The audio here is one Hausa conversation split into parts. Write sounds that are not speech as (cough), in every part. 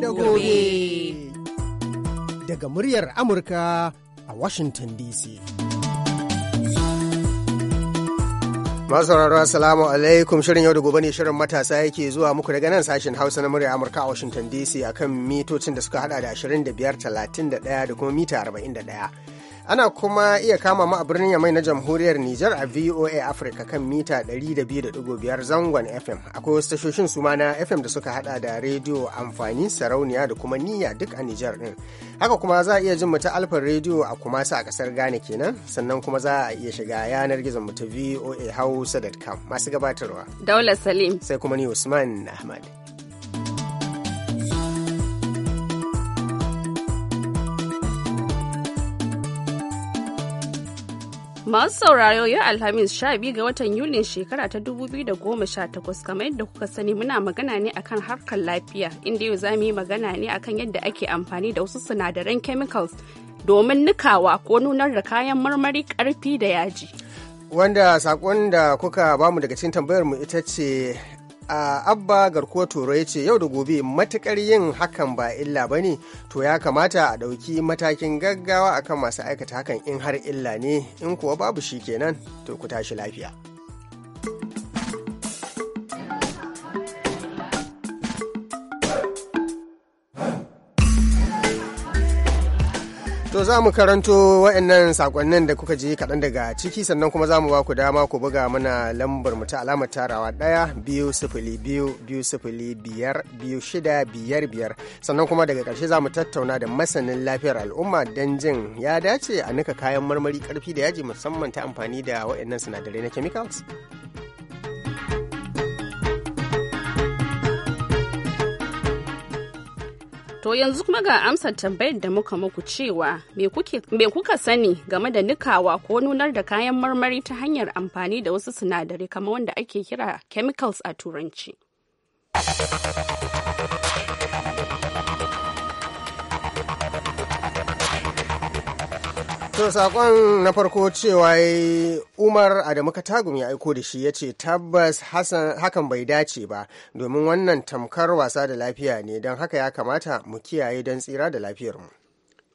da gobe. Daga muryar Amurka a Washington DC. masauraro salamu alaikum shirin yau da gobe ne shirin matasa yake zuwa muku daga nan sashen hausa na murya amurka a washington dc akan mitocin da suka hada da 25 31 da kuma mita 41 Ana kuma iya kama mu a birnin Yamai na Jamhuriyar Nijar a VOA Africa kan mita 200.5 zangon FM. Akwai wasu tashoshin su na FM da suka hada da rediyo amfani sarauniya da kuma niyya duk a Nijar din. Haka kuma za a iya jin mu ta alfar rediyo a kuma sa a kasar Ghana kenan, sannan kuma za a iya shiga yanar gizon mu ta voahausa.com masu gabatarwa. Daula Salim. Sai kuma ni Usman Ahmad. Masu sauraro yau Alhamis sha biyu ga watan Yulin shekara ta dubu biyu da goma sha takwas kamar yadda kuka sani muna magana ne akan harkar lafiya inda yau za mu yi magana ne akan yadda ake amfani da wasu sinadaran chemicals domin nikawa ko nunar da kayan marmari karfi da yaji. Wanda sakon da kuka bamu daga cikin tambayar mu ita ce a abba garkuwa toro ya ce yau da gobe matukar yin hakan ba illa ba ne to ya kamata a ɗauki matakin gaggawa akan masu aikata hakan in har illa ne in kuwa babu shi kenan to ku tashi lafiya. To za mu karanto wa'annan sakonnin da kuka ji kaɗan daga ciki sannan kuma za mu ba ku dama ku buga mana lambar mu ta alamar tarawa ɗaya biyu sifili biyu biyu sifili biyar biyu shida biyar biyar sannan kuma daga ƙarshe za mu tattauna da masanin lafiyar al'umma don jin ya dace a nika kayan marmari ƙarfi da yaji musamman ta amfani da wa'annan sinadarai na chemicals. To yanzu kuma ga amsar tambayar da muka muku cewa me kuka sani game da nikawa ko nunar da kayan marmari ta hanyar amfani da wasu sinadarai kamar wanda ake kira chemicals a turanci. To sakon na farko cewa Umar Adamu Katagum ya aiko da shi ya ce tabbas hakan bai dace ba domin wannan tamkar wasa da lafiya ne don haka ya kamata mu kiyaye don tsira da lafiyarmu.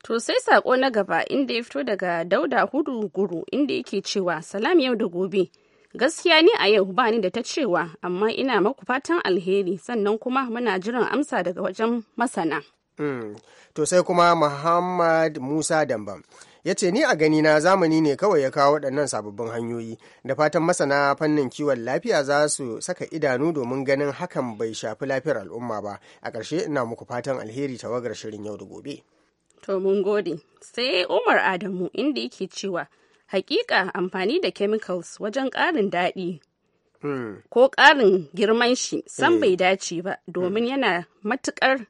To sai sako na gaba inda ya fito daga Dauda Hudu Guru inda yake cewa salam yau da gobe. Gaskiya ni a yau bani da ta cewa amma ina maku fatan alheri sannan kuma muna jiran amsa daga wajen masana. Mm. To sai kuma Muhammad Musa Dambam ya ce ni a gani na zamani ne kawai ya kawo waɗannan sababbin hanyoyi da fatan masana fannin kiwon lafiya za su saka idanu domin ganin hakan bai shafi lafiyar al'umma ba a ƙarshe ina muku fatan alheri tawagar shirin yau da gobe. To mun gode. Sai Umar Adamu inda yake cewa hakika amfani da chemicals wajen ƙarin daɗi hmm. ko ƙarin girman shi san eh. bai dace ba domin yana yana matuƙar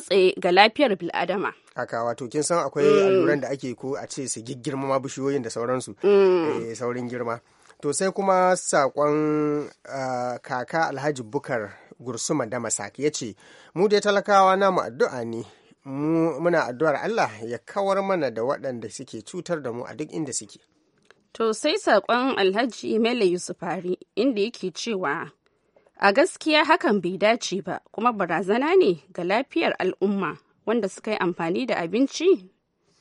tsaye ga lafiyar bil'adama. haka wato kin san akwai mm. alluran da ake ko a ce su girmama bishiyoyin da sauransu mm. eh, saurin girma to sai kuma sakon ah, kaka alhaji bukar gursuma da masak ya ce mu dai talakawa namu addu'a ne muna addu'ar allah ya kawar mana da waɗanda suke cutar da mu a duk inda suke to sai saƙon alhaji mele yusufari inda yake cewa a gaskiya hakan bai dace ba kuma barazana ne ga lafiyar al'umma wanda suka yi amfani da abinci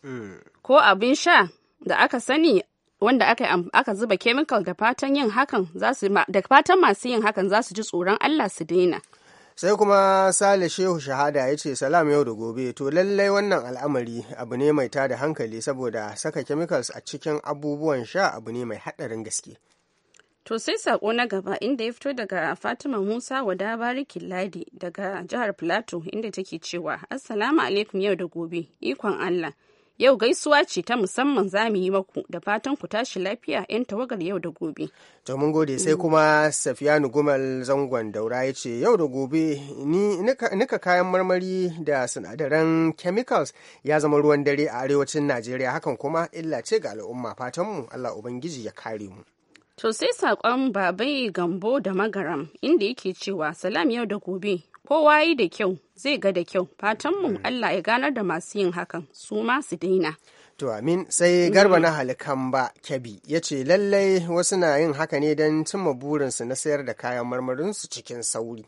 eh. ko abin sha da aka sani wanda aka, zuba chemical da fatan yin hakan da fatan masu yin hakan za su ji tsoron Allah su daina. sai kuma sale shehu shahada ya ce salam yau da gobe to lallai wannan al'amari abu ne mai tada hankali saboda saka chemicals a cikin abubuwan sha abu ne mai haɗarin gaske To sai sako na gaba inda ya fito daga Fatima Musa wada barikin ladi daga jihar Plateau inda take cewa Assalamu alaikum yau da gobe ikon Allah. Yau gaisuwa ce ta musamman za mu yi maku da fatan ku tashi lafiya 'yan tawagar yau da gobe. To mun gode sai mm. kuma Safiyanu Gumal zangon daura ya ce yau da gobe ni nika kayan marmari da sinadaran chemicals ya zama ruwan dare a arewacin Najeriya hakan kuma illa ce ga al'umma fatanmu Allah Ubangiji ya kare mu. To sai saƙon babai gambo da magaram inda yake cewa salam yau da gobe ko wayi da kyau zai ga da kyau fatan fatanmu mm. Allah ya ganar da masu yin hakan su ma su daina. To amin sai mm. garba na halikan ba kyabi ya ce lallai wasu na yin haka ne don cimma burinsu na sayar da kayan marmarinsu cikin sauri.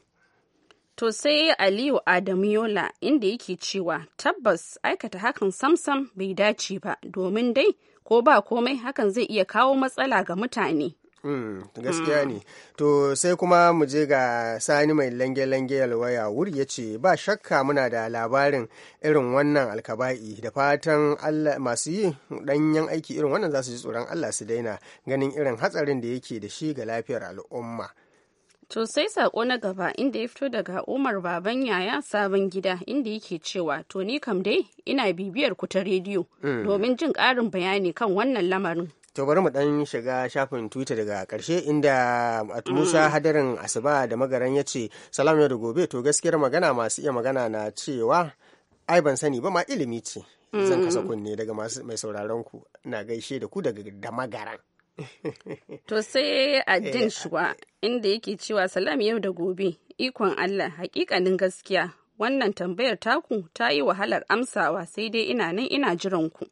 To sai Aliyu Adamu Yola inda yake cewa tabbas aikata hakan samsam bai dace ba domin dai ko ba komai hakan zai iya kawo matsala ga mutane. Mm, gaskiya mm. ne to sai kuma mu je ga sani mai lange-lange waya wuri ya ce ba shakka muna da labarin irin wannan alkaba'i da fatan masu yi danyen aiki irin wannan za su ji tsoron allah su daina ganin irin hatsarin da yake da shi ga lafiyar al'umma To sai sako na gaba inda ya fito daga Umar baban yaya sabon gida inda yake cewa to ni kam dai ina bibiyar ku ta rediyo mm. domin jin ƙarin bayani kan wannan lamarin. to bari mu dan shiga shafin twitter daga karshe inda at musa mm. hadarin asuba da magaran ya ce salam yau da gobe to gaskiyar magana masu iya magana na cewa ai ban sani ba ma ilimi ce zan kasa mm. kunne daga masu mai sauraron ku na gaishe da ku daga da magaran (laughs) to sai addin eh, shuwa eh. inda yake cewa salam yau da gobe ikon allah hakikanin gaskiya wannan tambayar taku ta yi wahalar amsawa sai dai ina nan ina jiran ku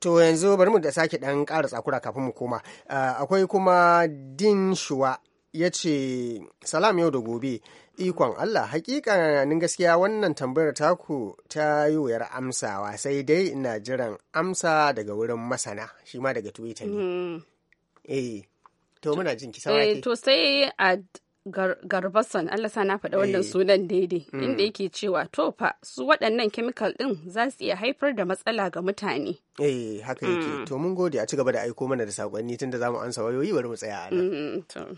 To yanzu bari mu da sake ɗan ƙara tsakura kafin mu koma. Ah, akwai kuma din shuwa ya ce salam yau da gobe ikon Allah nin gaskiya wannan tambayar taku ta yi wuyar amsawa sai dai ina jiran amsa daga wurin masana shi ma daga Twitter ne. Mm-hmm. Eh, to muna jin ki sauraki. Eh, to sai Garbason Allah sa na faɗa wannan eh. sunan daidai mm. inda yake cewa to fa su waɗannan kemikal ɗin za su iya haifar da matsala ga mutane. Eh haka mm. yake to mun gode a ci gaba da aiko mana da sakonni tunda za mu ansa wayoyi bari mu tsaya a nan. Mm,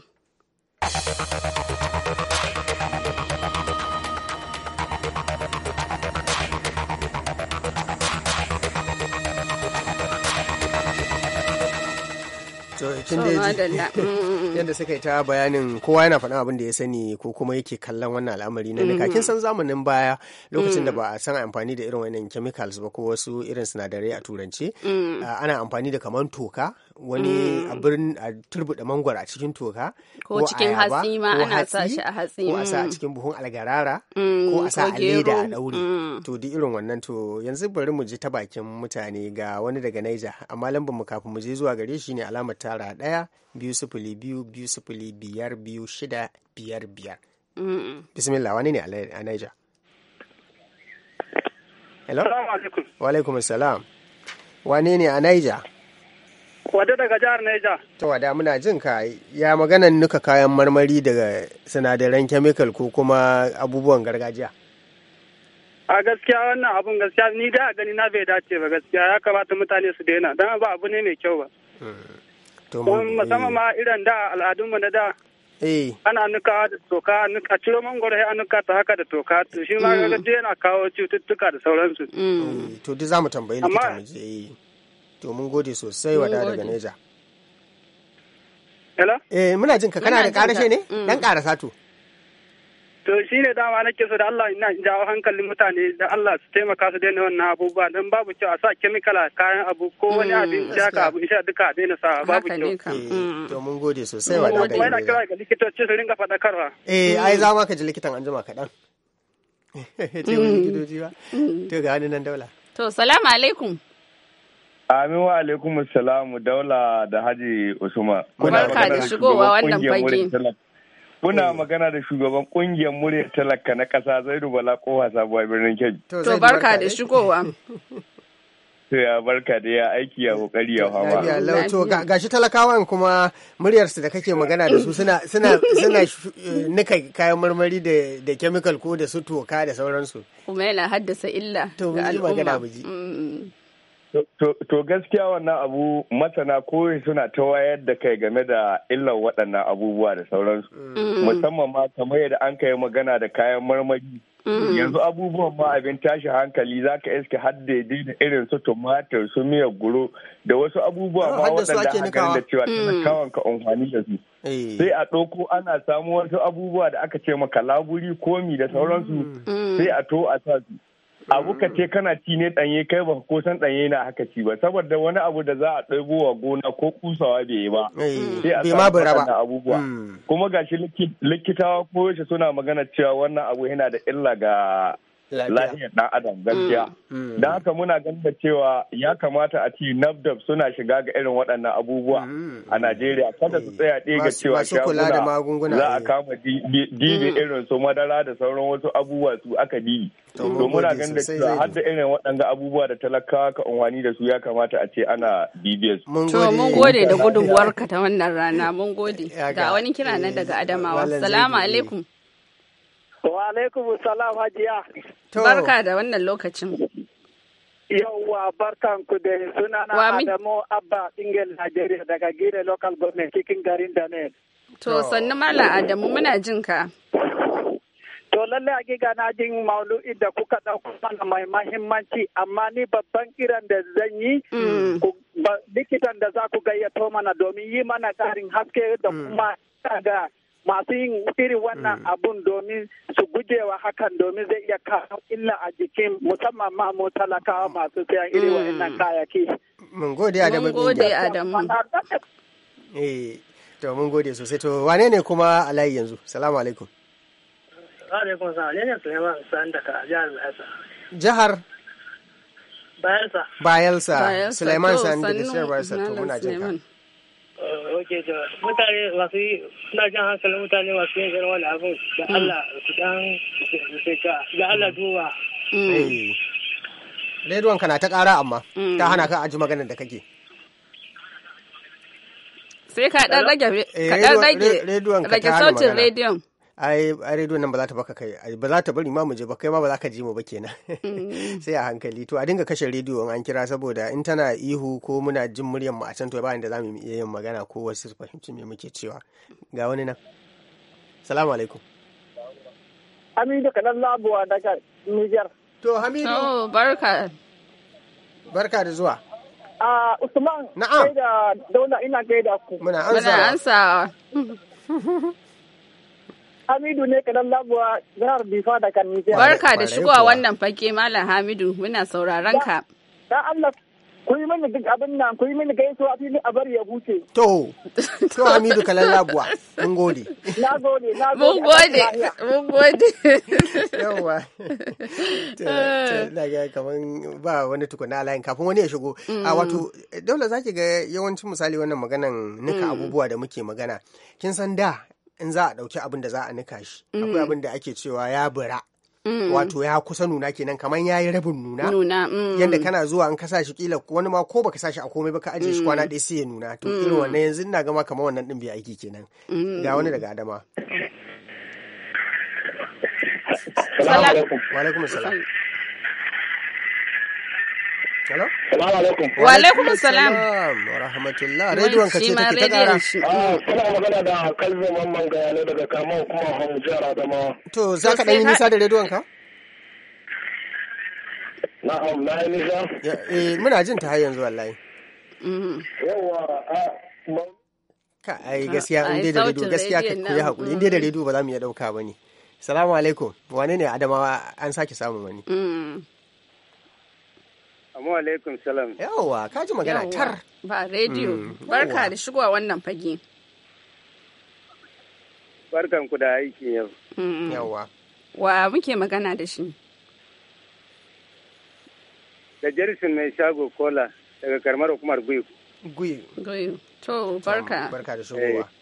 (laughs) Mm. yadda suka yi ta bayanin kowa yana faɗin abin da ya sani ko kuma yake kallon wannan al'amari na nika kin mm. san zamanin baya lokacin da mm. ba a san amfani da irin wannan chemicals ba ko wasu irin sinadarai a turance ana amfani da kamar toka wani mm. a birnin a da mangwar a cikin toka ko cikin hatsi ma ana sa shi a hatsi ko a sa a mm. cikin buhun algarara mm, ko a sa a leda a ɗaure to duk irin wannan to yanzu bari mu je ta bakin mutane ga wani daga Niger amma lambar mu kafin mu je zuwa gare shi ne alamar tara ɗaya biyu sifili biyu biyu sifili biyar biyu shida biyar biyar. Bismillah wani ne a Niger? Hello? Wa alaikum salam. Wane ne a Niger? Wada daga jihar Neja. To wada muna jin ka ya maganan nuka kayan marmari daga sinadaran kemikal ko kuma abubuwan gargajiya. A gaskiya wannan abun gaskiya ni da a gani na bai dace ba gaskiya ya kamata mutane su daina don ba abu ne mai kyau ba. Hmm. Musamman ma irin da al'adunmu na da eh. ana nuka da toka a ciro mangoro ya nuka ta haka da toka shi ma hmm. yana kawo cututtuka da sauransu. Hmm. To za mu tambayi likita mu je. Eh. to mun gode sosai da daga neja eh muna jin ka kana da karashe ne mm. dan karasa to to shine dama nake so da Allah ina jawo hankalin mutane da Allah su taimaka su daina wannan abubuwa dan babu cewa a sa chemical kayan abu ko wani mm, abin ka abu insha duka a daina sa babu kyau eh, mm. to mun gode sosai da daga neja wai kira ga likitoci su ringa fadakarwa eh ai za ma ka ji likitan anjima kaɗan. (laughs) to ga hannun nan daula to salamu alaikum Amin wa alaikum salamu daula da Haji Usman. magana da shigowa wannan fage. Kuna oh. magana da shugaban kungiyar murya talaka na kasa Zaidu Bala Kowa Sabuwa Birnin Kebbi. To barka da shigowa. (laughs) To ya barka da ya aiki ya kokari ya hawa. To gashi talakawan kuma muryarsu da kake magana da su suna suna suna eh, nika kayan marmari da da chemical ko da su toka da sauransu. Kuma yana haddasa illa ga al'umma. To mu magana mu ji. Mm. To gaskiya wannan abu masana koyi suna ta wayar da kai game da illar waɗannan abubuwa da sauransu. Mm. Musamman ma kamar yadda an kai magana da kayan marmari. Mm. Yanzu abubuwan ma abin tashi hankali za ka iske haddaidai da irin su tumatir su miyar guro da wasu abubuwa ma waɗanda hankali da cewa mm. kawon ka amfani da su. Eh. Sai a ɗauko ana samu wasu abubuwa da aka ce maka laburi komi da sauransu sai a to a sa su. abu ka ce kana ci ne ɗanye kai ba ko san ɗanye na haka ci ba saboda wani abu da za a ɗaibo wa gona ko kusawa bai yi ba eh, sai a samu abubuwa hmm. kuma gashi likitawa ko yaushe suna magana cewa wannan abu yana da illa ga lahiyar ɗan adam mm, gaskiya mm. don haka muna ganin da cewa ya kamata a ci nafdab suna shiga ga irin waɗannan abubuwa mm, a najeriya kada su tsaya ɗaya ga cewa shaguna za a eh. kama dibi irin su madara da sauran wasu abubuwa su aka bi to muna ganin da cewa har da irin waɗanda abubuwa da talakawa ka unwani da su ya kamata a ce ana bibiyar su. to mun gode da ka ta wannan rana mun gode ga wani kira nan eh, daga adamawa salamu alaikum. Wa alaikum salam hajiya. Barka da wannan lokacin. Yawwa barkan ku da na Adamu Abba Ingel Najeriya daga Gire Local Government cikin garin Daniel. To sannu Mala Adamu muna jin ka. To lalle giga na jin maulu'i da kuka ɗauko mana mai mahimmanci amma ni babban kiran da zan yi mm. likitan da za ku gayyato mana domin yi mana ƙarin haske da mm. kuma ga masu yin irin wannan mm. abun domin su gujewa hakan domin zai iya kawo illa a jikin musamman ma mu talakawa masu sayan irin mm. wannan kayaki. Mun gode Adamu. Mun gode Adamu. Eh, to mun gode sosai to wane ne kuma alayi yanzu? Salamu alaikum. Alaikum salam. jihar Bayelsa. Jihar Bayelsa. Bayelsa. Suleiman Sani jihar Bayelsa to muna jinka. Eh, Oke, mutane masu yi suna jan hankali mutane masu yin irin wani abin da mm. Allah su dan da Allah duba. Mm. Redwanka na ta ƙara amma mm. ta hana ka aji maganar da kake. Sai ka ɗan rage sautin rediyon. ai rediyo nan ba za ta baka kai ba za ta bari ma mu je ba kai ma ba za ka ji mu ba kenan mm. (laughs) sai a hankali to a dinga kashe rediyo an kira saboda in tana ihu ko muna jin muryar mu a can to ba inda za mu iya yin magana ko wasu fahimci me muke cewa ga wani nan salamu alaikum hamidu kadan labuwa daga niger to hamidu oh, barka barka da zuwa a usman na'am da dauna ina gaida ku muna ansa muna ansa (laughs) Hamidu ne kanan labuwa jihar Bifa da Kanija. Barka da shigowa wannan fage Malam Hamidu muna sauraron ka. Dan Allah ku yi mini duk abin nan ku yi mini gaisuwa fili a bari ya huce. To, to Hamidu kanan labuwa, mun gode. Na gode, na gode. Mun gode, mun gode. Yawwa. Na ga kaman ba wani tukuna alayin kafin wani ya shigo. A mm. wato, dole zaki ga yawancin misali wannan maganan nika mm. abubuwa da muke magana. Kin san da in za a ɗauki abin da za a nika shi mm. akwai abin da ake cewa ya bura mm. wato ya kusa nuna kenan kamar ya yi rabin nuna mm. yadda kana zuwa in ka shi kila wani ma ko baka sa shi a komai ba ka ajiye shi kwana ɗaya sai ya nuna to irin wannan yanzu ina gama kamar wannan ɗin biyu aiki kenan ga wani daga adama. Salamu alaikum. Wa alaikum salam. Salamu alaikum. salam. Wa Rediyon take ta gara. Kana ah, da Mamman daga kuma Hamu Jihar To za ka ɗan nisa da rediyon ka? Na'am, na yi nisa. Eh, muna jin ta har yanzu wallahi. Mm-hmm. Yawwa, ah, a ka hakuri in dai da mm-hmm. ba za dauka bane. Salamu alaikum. Wane ne Adamawa an sake samu wani? Mm-hmm. Amu alaikum salam. Yawwa, ka ji magana tar. Ba rediyo. Mm. Barka da shigowa wannan fage. Barkan ku da aiki yau. Yawwa. Wa muke magana da shi? Da Jerisin mai shago kola daga karmar hukumar Guyu. Guyu. Guyu. To, ah, barka. Barka da shigowa. Eh.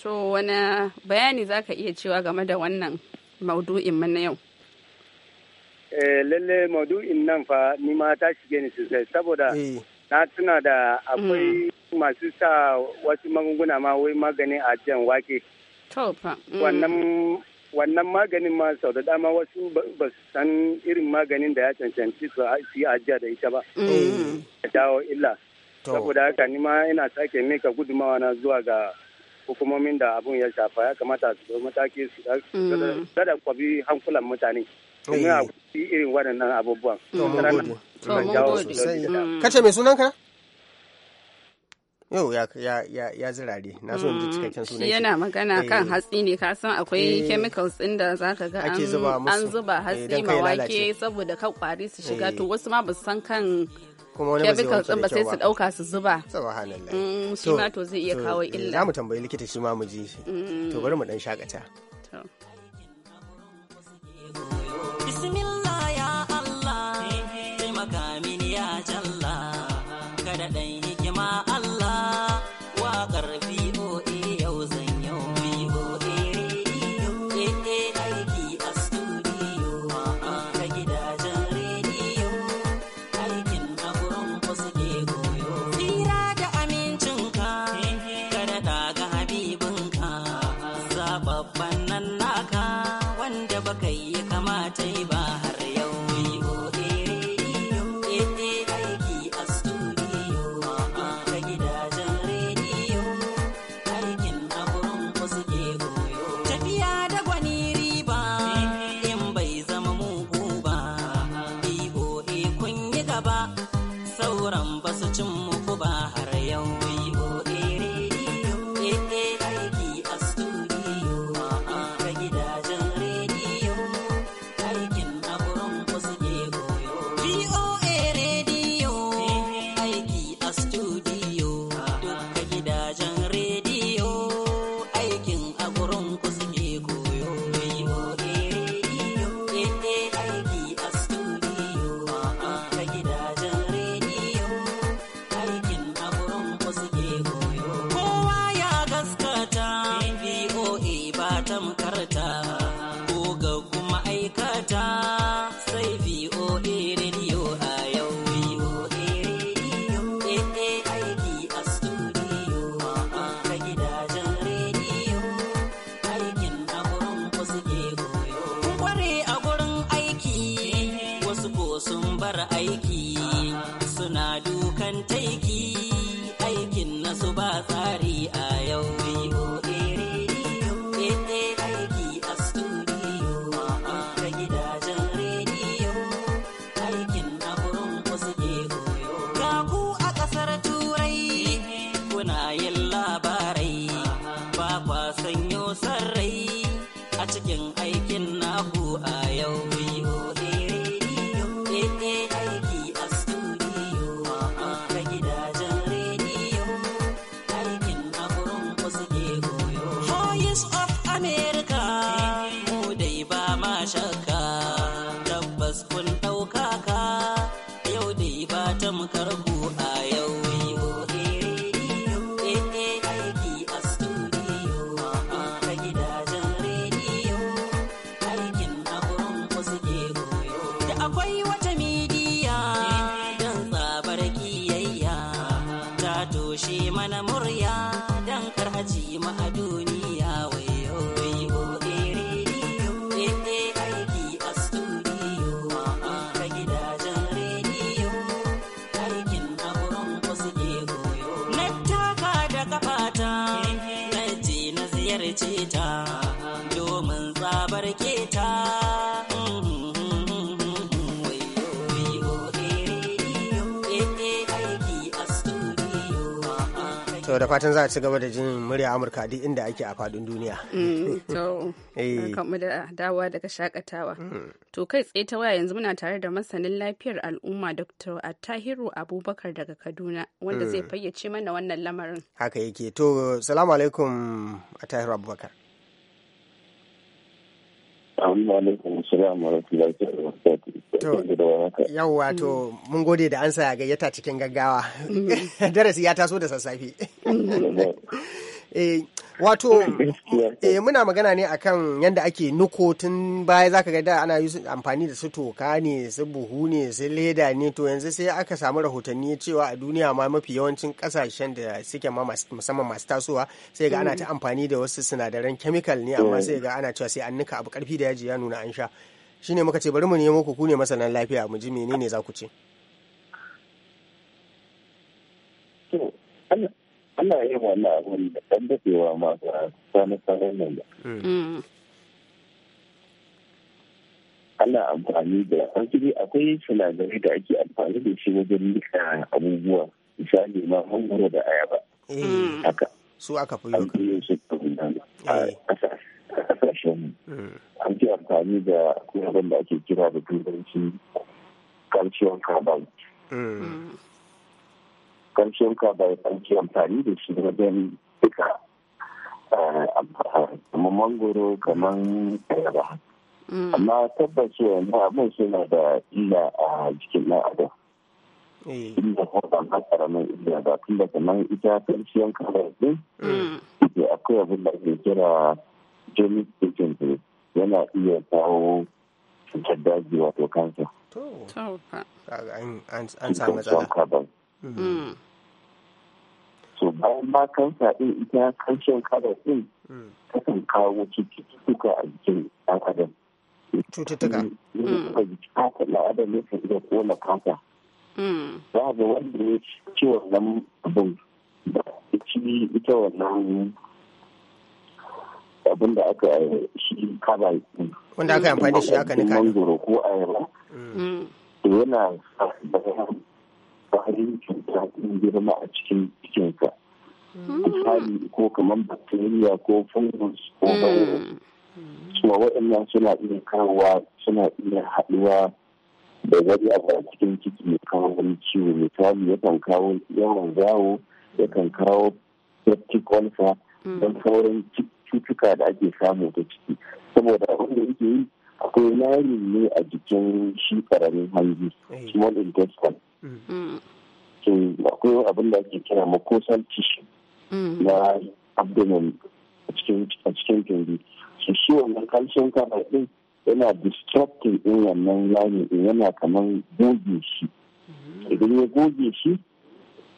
To, wani bayani za ka iya cewa game da wannan maudu'in mu na yau? Eh, lalle maudu'in nan fa ni ma ta shige ni sosai saboda eh. na tuna da akwai hmm. masu sa wasu magunguna ma wai magani a jan wake. Hmm. Wannan wannan maganin ma sau da dama wasu ba su san irin maganin da ya cancanci su yi ajiya da ita ba. Da hmm. dawo illa. Saboda haka ni ma ina sake mika gudumawa na zuwa ga hukumomin da abun ya shafa ya kamata su mataki su kada kwabi hankulan mutane. Eh. Domin irin waɗannan abubuwan. Mm. Kace mai sunanka? yau ya zirare na so ji mm. cikakken sunan yana magana eh. kan hatsi ne ka san akwai eh. chemicals din da ka ga an zuba eh, hatsi ma saboda kan kwari su shiga to wasu ma ba san kan kuma wani chemicals din ba sai su dauka su zuba subhanallah mm, shi ma to zai iya kawo illa za mu tambayi likita shi ma mu ji to bari mu dan shakata to shi mana murya don karhaji ma a da fatan za a ci gaba da jin murya amurka duk inda ake a fadin duniya mm, to (laughs) eh. da dawa daga shakatawa mm. to kai tsaye ta waya yanzu muna tare da masanin lafiyar al'umma dr atahiru abubakar daga kaduna wanda zai mm. fayyace mana wannan lamarin haka yake to salamu alaikum atahiru abubakar Yau wato mm. mun gode da ansa gayyata cikin gaggawa. Mm. (laughs) Darasi ya taso da sassafe. (laughs) eh wato eh, eh muna magana ne akan yadda ake nuko tun baya zaka ga da ana amfani da su toka ne su buhu ne su leda ne to yanzu sai aka samu rahotanni cewa a duniya ma mafi yawancin kasashen da suke ma musamman masu tasowa sai ga ana ta mm. amfani da wasu sinadaran chemical ne amma sai ga ana cewa sai an nika abu karfi da yaji ya nuna an sha shine muka ce bari mu nemo ku ku ne masanan lafiya mu ji menene za ku ce ana yin wannan abun da ɗan dafewa masu sani sanar nan da mm. Ana amfani da hankali akwai sinadarai da ake amfani da shi wajen nika abubuwa misali ma mangoro da ayaba. Mm. Haka. Su aka fi kan yau eh. a ƙasashen mm. an ke amfani da kuma abin da ake kira da turanci calcium carbon. ƙarshen ka bai ɗauki amfani da shi wajen duka kamar eh, mangoro kamar ayaba mm. amma tabbas yanzu abin suna da illa a jikin ɗan adam eh. inda ko ba ma karamin illa ba tun da kamar ita karshen ka bai ɗin mm. akwai abin da ke kira genetic agent yana iya kawo cutar daji wato kansa. an samu Mm-hmm. Mm. so bayan ma kansa ɗin ita kanshin kada ɗin takan kawo cututtuka a jikin ɗan adam cututtuka haka mm. mm. na adam yakan iya kona kansa za ga wanda ne ci wannan abin da ci ita wannan abin da aka shi kaba wanda aka yi amfani shi aka nika mangoro ko ayaba yana da ƙwayoyin cuta in girma a cikin cikinka misali ko kamar bacteria ko fungus ko virus hmm. kuma waɗannan suna iya kawowa suna iya haɗuwa da wani abu a cikin ciki mai kawo wani ciwo misali yakan kawo yawan zawo yakan kawo septic ulcer hmm. don sauran cutuka da ake samu ta ciki saboda wanda da yake yi akwai layin ne a jikin shi karamin hanji eh. small intestine akwai abin da ake kira mucosal tissue na abdomen a cikin tundi su shi wannan calcium carbide din yana distracting din wannan layin din yana kamar goge shi idan ya goge shi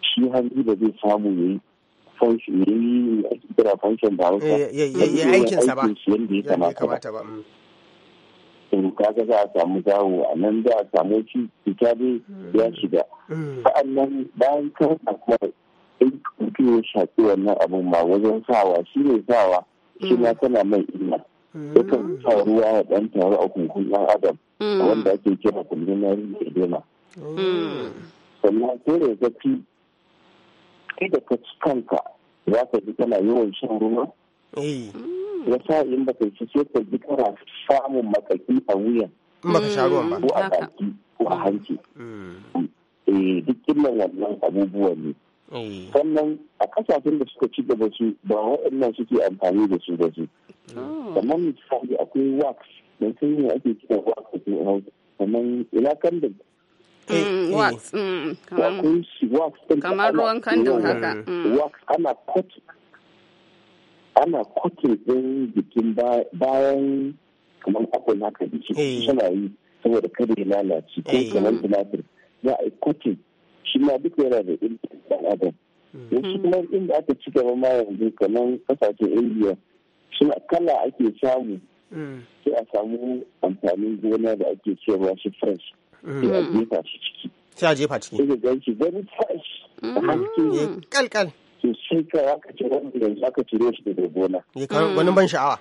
shi hanji da zai samu ya yi function ya yi kira function da hausa ya yi aikinsa ba yadda ya kamata ba to kaga za a samu zawo a nan za a samu shi ta dai ya hmm. shiga hmm. sa'annan bayan kan kuma in mutum ya shaƙi wannan abun ma wajen sawa shi ne sawa shi ma hmm. tana mai ina yakan sa ruwa ya ɗan taru a kunkun ɗan adam wanda ake kira yi da edema sannan ko da zafi kai da ka ci kanka za ka ji kana yawan shan ruwa eh. wata in baka ci sai ka ji kana samun makaki a wuyan baka sha ruwan ba ko a baki ko a hanci mm. eh duk illan wannan abubuwa ne mm. sannan a kasashen da suka ci gaba su ba waɗannan suke amfani da su da su oh. kamar misali akwai wax don sun yi ake kira wax a cikin hausa kamar ina kandin eh, mm, eh. wax kamar ruwan kandin haka wax ana kotu ana kwakin ɗin jikin bayan kamar apple haka da shi eh. suna yi saboda kada ya lalace ko eh. kamar tumatir za a yi kwakin shi ma duk yana da ilimin ɗan adam mm-hmm. yanzu kuma inda aka ci gaba ma yanzu kamar kasashen indiya suna kala ake samu mm. sai a samu amfanin gona da ake cewa shi fresh mm. sai a jefa shi ciki sai a jefa ciki sai ga ganci very fresh a mm. haske kalkal to sai ka aka ce wanda yanzu aka ciro shi daga gona. Wani ban sha'awa.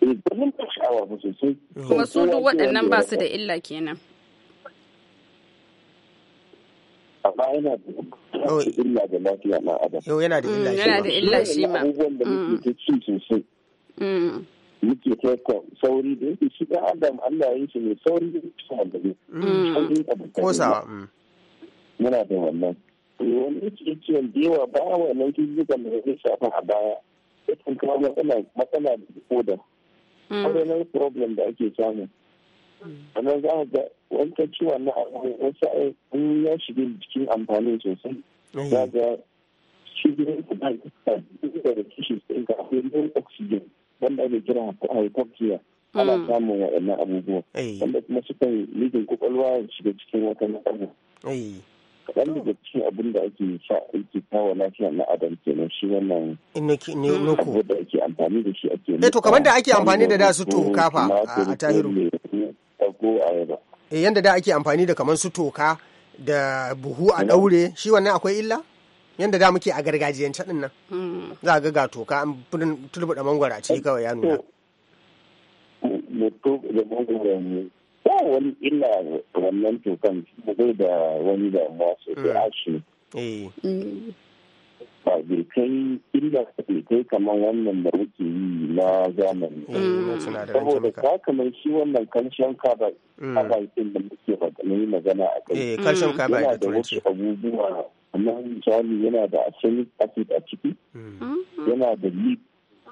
Eh, wani ban sha'awa ba sosai. Kuma su duk waɗannan ba su da illa kenan. Amma yana da illa ga lafiya na adam. Yau yana da illa mm, shi ma. Yana da illa shi ma. Abubuwan da muke mm. ci sosai. Mm. muke taiko sauri da yake shi ɗan adam Allah ya yi shi mai sauri da yake shi wanda ne. Kosawa. Muna da wannan. wanda ke ciwon da ba wa nan cututtukan da zai shafa a baya yakan kawo matsala da koda hmm. wadannan problem da ake samu sannan za ga wancan ciwon na wasu in ya shiga jikin amfani sosai hmm. za ga shigar kuɗa da da kishi sai ga akwai low oxygen wanda ake kira hypoxia hmm. ana samun waɗannan abubuwa eh. wanda kuma sukan ligin kwakwalwa shiga cikin wata matsala eh. kaɗan daga cikin abin da ake sa aiki kawo lafiya na adam kenan shi wannan abu da ake amfani da shi ake eh to kamar da ake amfani da da su toka fa a tahiru eh yanda da ake amfani da kamar su toka da buhu a daure shi wannan akwai illa yanda da muke a gargajiyance din nan hmm. za ga ga toka an turbuɗa mangwara ce kawai ya nuna wani illa wannan tukan bai da wani da masu da ashe. ba bai kai illa bai kai kamar wannan da muke yi na zamani hmm, hmm. saboda ka kamar shi wannan karshen kaba kaba din da muke magana magana a kai karshen eh, hmm. kaba yana da wasu abubuwa kamar jami yana da arsenic acid a ciki yana da lip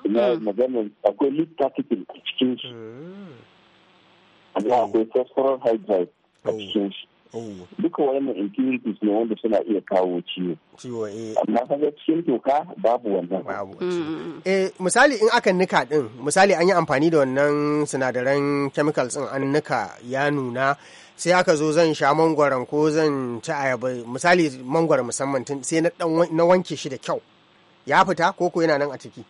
na maganar akwai lip particle a cikin su amma akwai phosphorus hydride a oh. cikin shi oh. duka wannan impurities ne wanda suna iya kawo ciwo ciwo eh amma kaga cikin toka babu wannan babu mm, mm, mm. eh misali in aka nika din misali an yi amfani da wannan sinadaran chemicals din an nika ya nuna sai aka zo zan sha mangwaron ko zan ci ayaba misali mangwaro musamman tun sai na dan na wanke shi da kyau ya fita ko ko yana nan a ciki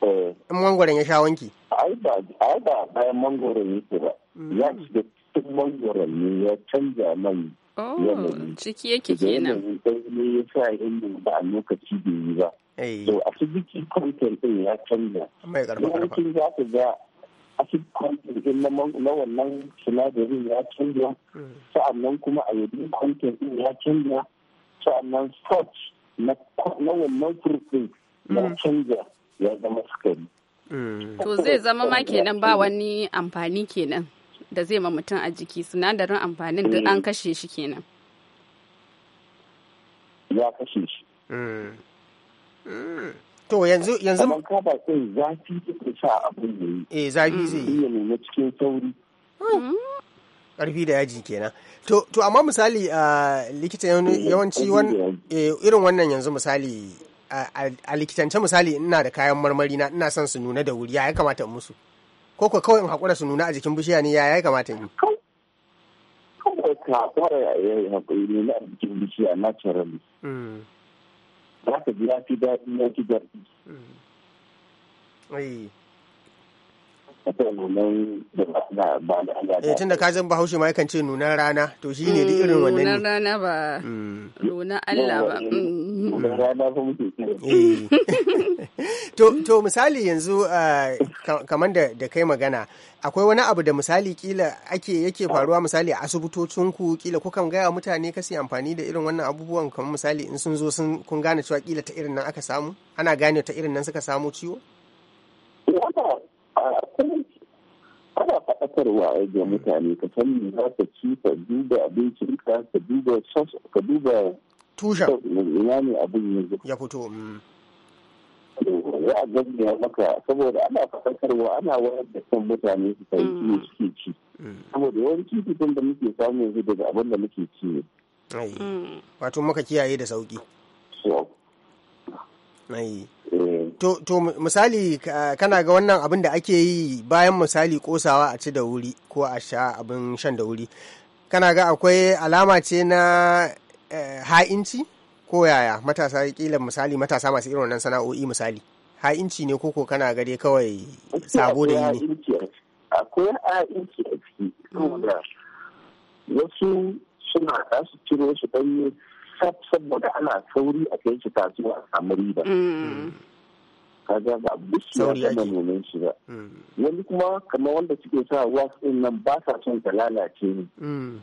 eh. in mangwaron ya sha wanki ai ba ai ba bayan mangwaron yake ba Mm. ya shiga cikin mangwaron ne ya canza man oh, yanayi ciki yake kenan ne ya sa yin ba a lokaci da yi ba so a ciki content din ya canza yawancin za ka ga a cikin content din na wannan sinadarin ya canza mm. sa'annan kuma a yadda content din ya canza sa'annan scotch na wannan fruit ya mm. canza ya zama sukari to zai zama ma kenan ba wani amfani kenan da zai ma mutum a jiki sinadarin amfanin duk an mm. kashe shi kenan ya kashe shi mm. Mm. to yanzu yanzu kamar ka ba sai zafi take sa abin yi. eh zafi zai yi ne cikin sauri karfi da yaji kenan to to amma misali a likita yawanci eh, irin wannan yanzu misali a likitance misali ina da kayan marmari na ina son su nuna da wuri ya kamata in musu ko ko kawai in haƙura su nuna a jikin bishiya ne ya ya kamata yi kawai ka ya yi haƙuri ne na jikin bishiya naturally hmm. za ka ji ya fi daɗi ya daɗi Eh tunda ka zan bahaushe ma yakan ce nunar rana to shi ne duk irin wannan ne. Mm, nunar rana ba mm. nuna Allah ba. Nunar rana ba mm. eh. (laughs) To to misali yanzu ah, kamar da da kai magana akwai wani abu da misali kila ake yake faruwa misali a asibitocin ku kila kukan gaya mutane ka kasi amfani da irin wannan abubuwan kamar misali in sun zo sun kun gane cewa kila ta irin nan aka samu ana gane ta irin nan suka samu ciwo. ana faɗakarwa ga mutane ka san me za ka ci ka duba abincin ka ka duba sos ka duba tusha ina ne abin yanzu ya fito ya mm. ya maka saboda ana faɗakarwa ana wayar da kan mutane su fahimci su mm. suke ci mm. saboda yawanci tun da muke samu yanzu daga abin da muke ci ne wato muka kiyaye da sauki to, to misali kana ga wannan abin da ake yi bayan misali kosawa a ci da wuri ko a sha abin shan da wuri kana ga akwai alama ce na eh, ha'inci ko yaya matasa kila misali matasa masu irin wannan sana'o'i misali ha'inci ne koko kana ga dai kawai sabo da yi ne akwai ha'inci wasu suna saboda ana sauri a kai shi kasuwa a samu riba mm. kaga ba duk shi ya taɓa nunan shi ba hmm. wani kuma kamar wanda suke sa wax din nan ba sa son ta lalace ne hmm.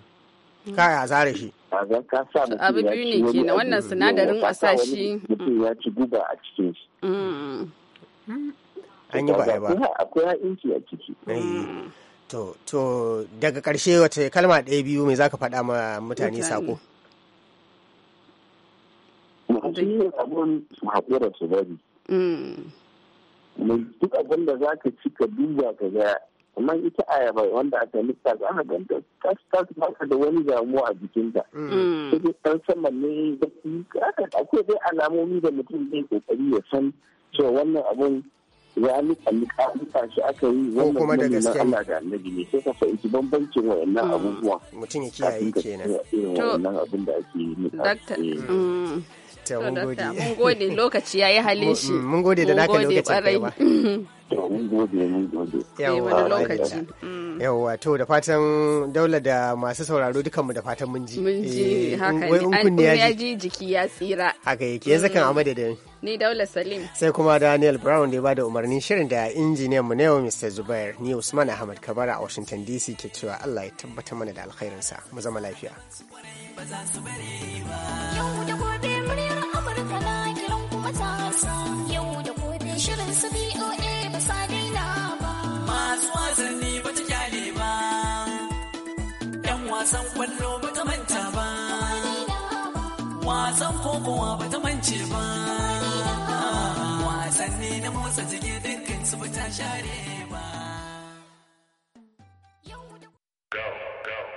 kaya zare shi kaga ka sa mu abu biyu ne kenan wannan sinadarin a sa shi mutum ya ci guba a cikin shi hmm. an yi baya ba akwai inci a ciki to to daga karshe wata kalma ɗaya biyu mai zaka faɗa ma mutane sako abun su haƙura su bari Mm. duk abin da za ka ci ka duba ka ga amma ita ayaba wanda aka nika za a ganta ta ta da wani damuwa a jikinta mm. Mm. sai dai ɗan saman ka akwai dai alamomi da mutum zai kokari ya san cewa wannan abun ya luka luka shi aka yi wannan kuma da gaske Allah da annabi ne sai ka fahimci bambancin wayannan hmm. abubuwa mutum ya kiyaye kenan to wannan abin da ake yi ne mun gode mun gode lokaci yayi halin shi mun gode da naka lokacin kai ba mun gode mun gode yawa lokaci yawa to da fatan daula da masu sauraro dukanmu da fatan mun ji mun ji eh, haka ne an ya ji jiki ya tsira haka yake yanzu kan a hmm. Ni Daula Salim. Sai kuma Daniel Brown da ya bada umarnin shirin da injiniyan mu yau Mr. Zubair ni Usman Ahmad Kabara a Washington DC ke cewa Allah ya tabbatar mana da alkhairinsa. Mu zama lafiya. Yau da gobe muryar kiran yau da wasan kwallo ba ta manta ba, wasan kokowa ba ta mance ba. masa jige dinkin su ta share